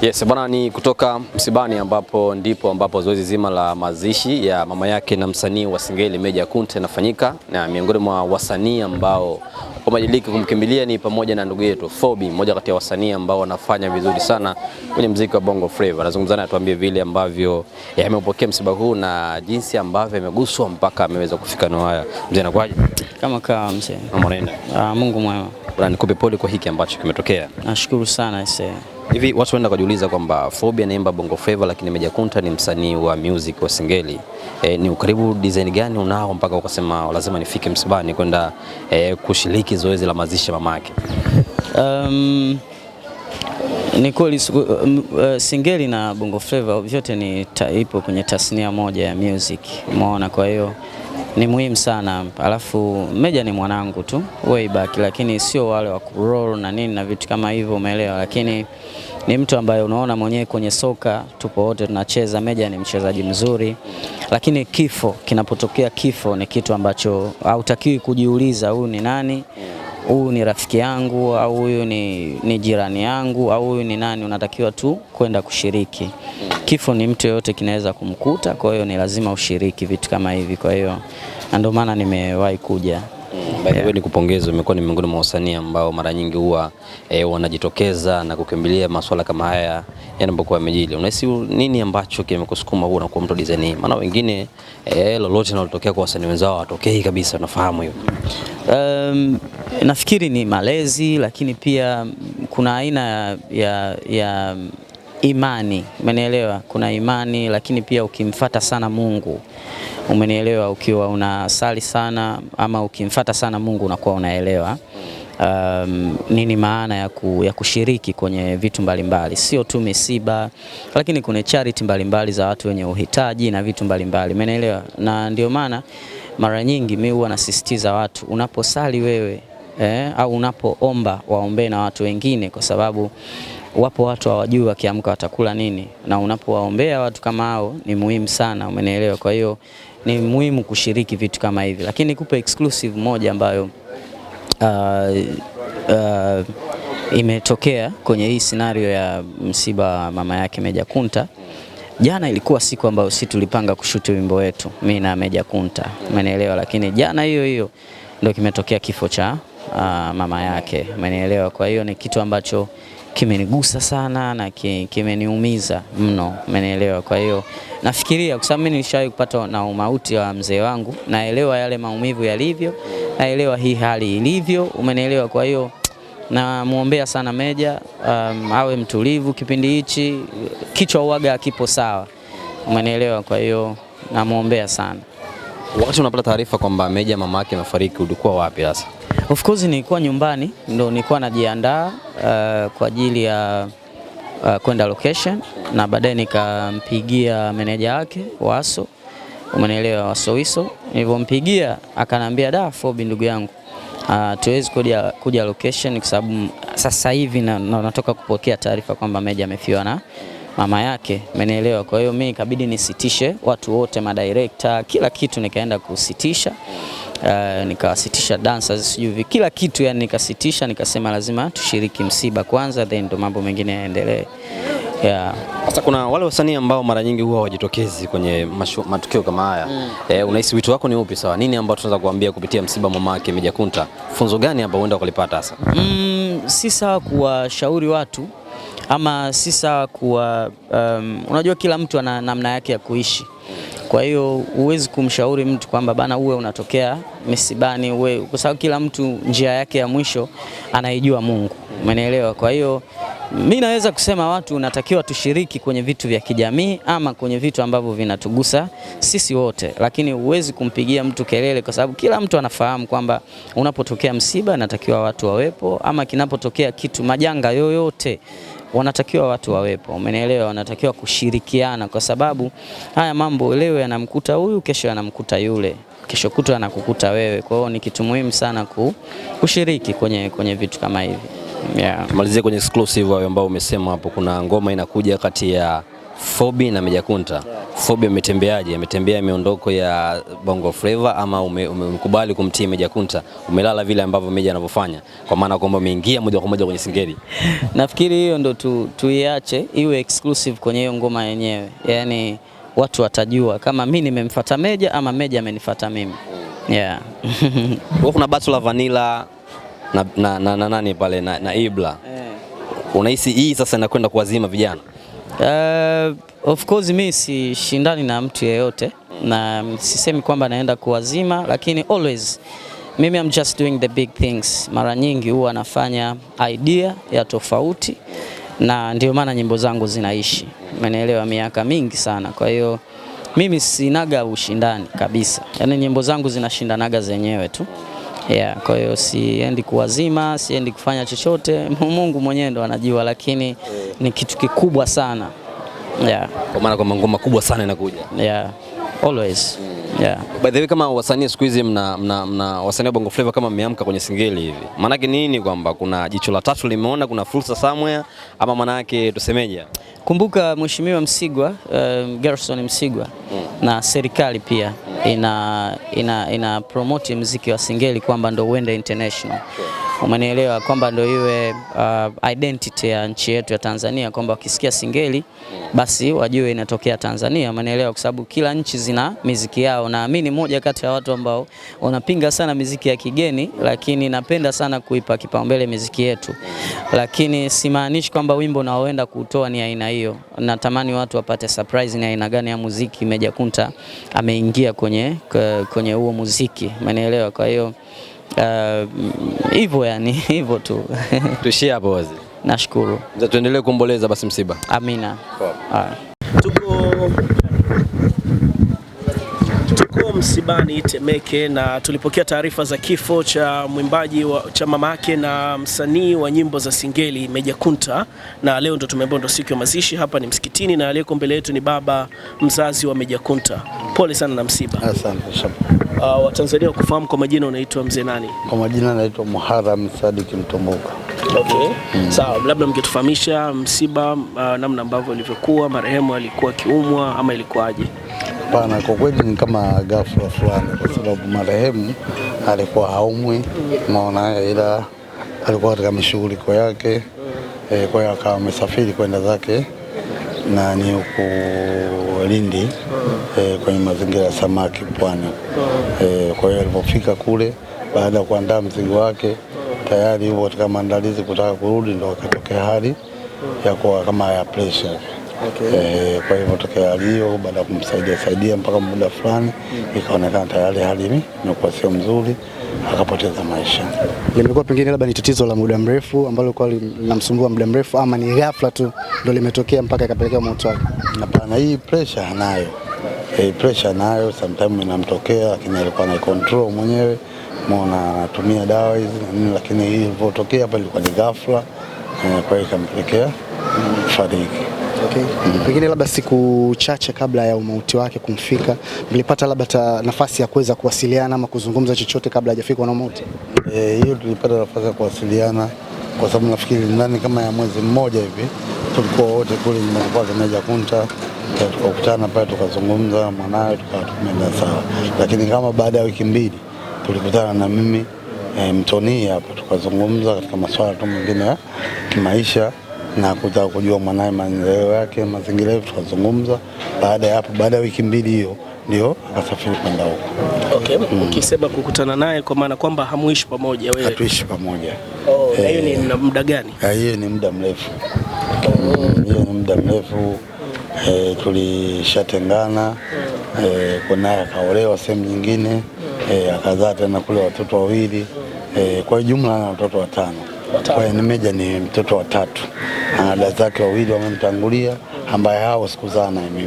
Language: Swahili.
Yes, bwana ni kutoka msibani ambapo ndipo ambapo zoezi zima la mazishi ya mama yake na msanii wa Singeli Meja Kunte nafanyika na miongoni mwa wasanii ambao majiliki kumkimbilia ni pamoja na ndugu yetu Fobi, mmoja kati ya wasanii ambao wanafanya vizuri sana kwenye mziki wa Bongo Flava. Anazungumzana, atuambie vile ambavyo amepokea msiba huu na jinsi ambavyo yameguswa mpaka ameweza kufika na haya. Mzee, anakuaje? Kama kaa mzee. Ah, Mungu mwema. Nikupe pole kwa hiki ambacho kimetokea. Nashukuru sana ise. Hivi watu wenda kujiuliza kwamba Phobia anaimba Bongo Flava, lakini Meja Kunta ni msanii wa music wa Singeli. E, ni ukaribu design gani unao mpaka ukasema lazima nifike msibani kwenda e, kushiriki zoezi la mazishi mama yake? Um, ni kweli um, uh, Singeli na Bongo Flava vyote ni ipo kwenye tasnia moja ya music, umeona, kwa hiyo ni muhimu sana. Alafu Meja ni mwanangu tu way back, lakini sio wale wa kuroll na nini na vitu kama hivyo, umeelewa? Lakini ni mtu ambaye unaona mwenyewe kwenye soka tupo wote tunacheza. Meja ni mchezaji mzuri, lakini kifo kinapotokea, kifo ni kitu ambacho hautakiwi kujiuliza huyu ni nani huyu ni rafiki yangu au huyu ni, ni jirani yangu au huyu ni nani, unatakiwa tu kwenda kushiriki. Kifo ni mtu yeyote kinaweza kumkuta, kwa hiyo ni lazima ushiriki vitu kama hivi. Kwa hiyo ndio maana nimewahi kuja. Mm, by the way, nikupongeze, umekuwa ni miongoni mwa wasanii ambao mara nyingi huwa e, wanajitokeza na kukimbilia masuala kama haya yanapokuwa yamejili. Unahisi nini ambacho kimekusukuma huwa unakuwa mtu design Maana wengine e, lolote linalotokea kwa wasanii wenzao hawatokei kabisa, unafahamu hiyo. Um, nafikiri ni malezi, lakini pia kuna aina ya, ya imani, umenielewa? Kuna imani, lakini pia ukimfata sana Mungu umenielewa, ukiwa unasali sana ama ukimfata sana Mungu unakuwa unaelewa Um, nini maana ya, ku, ya kushiriki kwenye vitu mbalimbali, sio tu misiba, lakini kuna charity mbalimbali za watu wenye uhitaji na vitu mbalimbali, umenielewa. Na ndio maana mara nyingi mimi huwa nasisitiza watu, unaposali wewe eh, au unapoomba waombee na watu wengine, kwa sababu wapo watu hawajui wakiamka watakula nini, na unapowaombea watu kama hao ni muhimu sana, umenielewa? Kwa hiyo ni muhimu kushiriki vitu kama hivi, lakini nikupe exclusive moja ambayo uh, uh, imetokea kwenye hii scenario ya msiba mama yake Meja Kunta. Jana ilikuwa siku ambayo si tulipanga kushuti wimbo wetu mimi na Meja Kunta, umenielewa? Lakini jana hiyo hiyo ndio kimetokea kifo cha aa, ah, mama yake, umenielewa? Kwa hiyo ni kitu ambacho kimenigusa sana na kimeniumiza mno, umenielewa? Kwa hiyo nafikiria, kwa sababu mimi nilishawahi kupata na umauti wa mzee wangu, naelewa yale maumivu yalivyo, naelewa hii hali ilivyo, umenielewa? Kwa hiyo namwombea sana Meja, um, awe mtulivu kipindi hichi, kichwa uwaga akipo sawa, umenielewa? Kwa hiyo namwombea sana. Wakati unapata taarifa kwamba Meja mama yake amefariki, ulikuwa wapi sasa? Of course nilikuwa nyumbani ndo nilikuwa najiandaa uh, kwa ajili ya uh, kwenda location na baadaye nikampigia meneja wake Waso, umenielewa, Wasowiso. Nilivyompigia akanambia, da Fobi, ndugu yangu uh, ah, tuwezi kuja, kuja location kwa sababu sasa hivi na, na, natoka kupokea taarifa kwamba Meja amefiwa na mama yake, umenielewa. Kwa hiyo mimi ikabidi nisitishe watu wote, madirekta, kila kitu nikaenda kusitisha uh, eh, nikawasitisha dansa sijui kila kitu yani, nikasitisha nikasema lazima tushiriki msiba kwanza, then ndo mambo mengine yaendelee. Yeah. Sasa kuna wale wasanii ambao mara nyingi huwa hawajitokezi kwenye mashu, matukio kama haya mm. Eh, unahisi wito wako ni upi? Sawa, nini ambao tunaweza kuambia kupitia msiba mama yake Mejakunta, funzo gani ambao huenda ukalipata hasa? Mm, si sawa kuwashauri watu ama si sawa kuwa um, unajua kila mtu ana namna yake ya kuishi kwa hiyo huwezi kumshauri mtu kwamba bana uwe unatokea misibani uwe, kwa sababu kila mtu njia yake ya mwisho anaijua Mungu, umenielewa? Kwa hiyo Mi naweza kusema watu unatakiwa tushiriki kwenye vitu vya kijamii ama kwenye vitu ambavyo vinatugusa sisi wote, lakini huwezi kumpigia mtu kelele, kwa sababu kila mtu anafahamu kwamba unapotokea msiba natakiwa watu wawepo, ama kinapotokea kitu majanga yoyote wanatakiwa watu wawepo, umenielewa? Wanatakiwa kushirikiana, kwa sababu haya mambo leo yanamkuta huyu, kesho yanamkuta yule, kesho kutwa yanakukuta wewe. Kwa hiyo ni kitu muhimu sana kushiriki kwenye, kwenye vitu kama hivi. Yeah. Tumalizie kwenye exclusive hayo ambao umesema hapo, kuna ngoma inakuja kati ya Fobi na Meja Kunta. Fobi ametembeaje? Ametembea miondoko ya Bongo Flava ama umekubali ume, kumtii Meja Kunta? Umelala vile ambavyo Meja anavyofanya, kwa maana kwamba umeingia moja kwa moja kwenye singeli? Nafikiri hiyo ndo tu, tuiache iwe exclusive kwenye hiyo ngoma yenyewe, yaani watu watajua kama mi nimemfuata Meja ama Meja amenifuata mimi yeah. kuna battle la Vanilla na, na, na, na nani pale na, na Ibra eh. Unahisi hii sasa inakwenda kuwazima vijana? Uh, of course mimi sishindani na mtu yeyote na sisemi kwamba naenda kuwazima, lakini always mimi I'm just doing the big things. Mara nyingi huwa nafanya idea ya tofauti, na ndio maana nyimbo zangu zinaishi, umenielewa, miaka mingi sana. Kwa hiyo mimi sinaga ushindani kabisa, yaani nyimbo zangu zinashindanaga zenyewe tu yeah. Kwa hiyo siendi kuwazima, siendi kufanya chochote, Mungu mwenyewe ndo anajua, lakini ni kitu kikubwa sana yeah. Kwa maana kwamba ngoma kubwa sana inakuja yeah. Always. Hmm. Yeah. By the way, kama wasanii siku hizi mna, mna, mna wasanii wa Bongo Flava kama mmeamka kwenye singeli hivi, maanake nini? Kwamba kuna jicho la tatu limeona kuna fursa somewhere, ama maanake tusemeje? Kumbuka Mheshimiwa Msigwa, uh, Gerson Msigwa mm. na serikali pia ina, ina, ina promote mziki wa Singeli kwamba ndo uende international. Umenielewa kwamba ndio iwe uh, identity ya nchi yetu ya Tanzania kwamba wakisikia Singeli basi wajue inatokea Tanzania. Umenielewa kwa sababu kila nchi zina miziki yao. Naamini moja kati ya watu ambao wanapinga sana miziki ya kigeni, lakini napenda sana kuipa kipaumbele miziki yetu. Lakini simaanishi kwamba wimbo naoenda kuutoa ni aina hiyo. Natamani watu wapate surprise ni aina gani ya muziki Meja Kunta ameingia kwenye kwenye huo muziki. Umenielewa kwa hiyo Uh, hivyo uh, yani hivyo tu tuishie hapo wazi. Nashukuru, tuendelee kuomboleza basi msiba. Amina. Tuko Tuko msibani Temeke na tulipokea taarifa za kifo cha mwimbaji wa, cha mamake na msanii wa nyimbo za Singeli Meja Kunta, na leo ndo tumeambiwa ndo siku ya mazishi. Hapa ni msikitini na aliyeko mbele yetu ni baba mzazi wa Meja Kunta. Pole sana na msiba. Asante. Uh, Watanzania wakufahamu kwa majina, unaitwa mzee nani? Kwa majina anaitwa Muharram Sadiki Mtomboka. Okay. Mm. Sawa, labda mngetufahamisha msiba uh, namna ambavyo alivyokuwa marehemu alikuwa akiumwa ama ilikuwaje? Hapana, kwa kweli ni kama ghafla fulani, kwa sababu marehemu alikuwa haumwi, maona, ila alikuwa katika mishughuliko yake e, kwa hiyo akawa amesafiri kwenda zake na ni huku Lindi e, kwenye mazingira ya samaki pwani. E, kwa hiyo alipofika kule, baada ya kuandaa mzigo wake tayari huko katika maandalizi kutaka kurudi, ndo akatokea hali ya kuwa kama ya pressure okay. E, kwa hivyo tokea baada ya kumsaidia saidia mpaka muda fulani mm. ikaonekana tayari hali imekuwa sio mzuri, akapoteza maisha. Limekuwa pengine labda ni tatizo la muda mrefu ambalo kwa linamsumbua muda mrefu, ama ni ghafla tu ndio limetokea mpaka ikapelekea mauti wake? Hapana, hii pressure anayo e, pressure anayo sometimes inamtokea, lakini alikuwa na control mwenyewe mona anatumia dawa hizi na nini, lakini hii ilivyotokea hapa ilikuwa ni ghafla, eh, kwa hiyo ikampelekea fariki okay. mm. Pengine labda siku chache kabla ya umauti wake kumfika, mlipata labda nafasi ya kuweza kuwasiliana ama kuzungumza chochote kabla hajafika na umauti? Eh, hiyo tulipata nafasi ya kuwasiliana kwa sababu nafikiri ndani kama ya mwezi mmoja hivi tulikuwa wote kule nyumbani kwa Meja Kunta tukakutana pale tukazungumza, mwanawe tukaenda sawa, lakini kama baada ya wiki mbili tulikutana na mimi e, mtoni hapa tukazungumza katika masuala tu mengine ya kimaisha na kutaka kujua mwanaye maendeleo yake, mazingira yetu, tukazungumza. Baada ya hapo, baada ya wiki mbili hiyo ndio akasafiri kwenda huko. Okay. Mm. Ukisema kukutana naye kwa maana kwamba hamuishi pamoja wewe? Hatuishi pamoja. Oh, eh, hiyo ni muda gani? Hiyo ni muda mrefu. Oh. Hiyo ni muda mrefu. E, tulishatengana hmm. e, eh, kunaye akaolewa sehemu nyingine e, akazaa tena kule watoto wawili e, kwa jumla na watoto watano. Meja ni mtoto wa tatu ana dada zake wawili wamemtangulia, ambaye hao sikuzaa na mimi.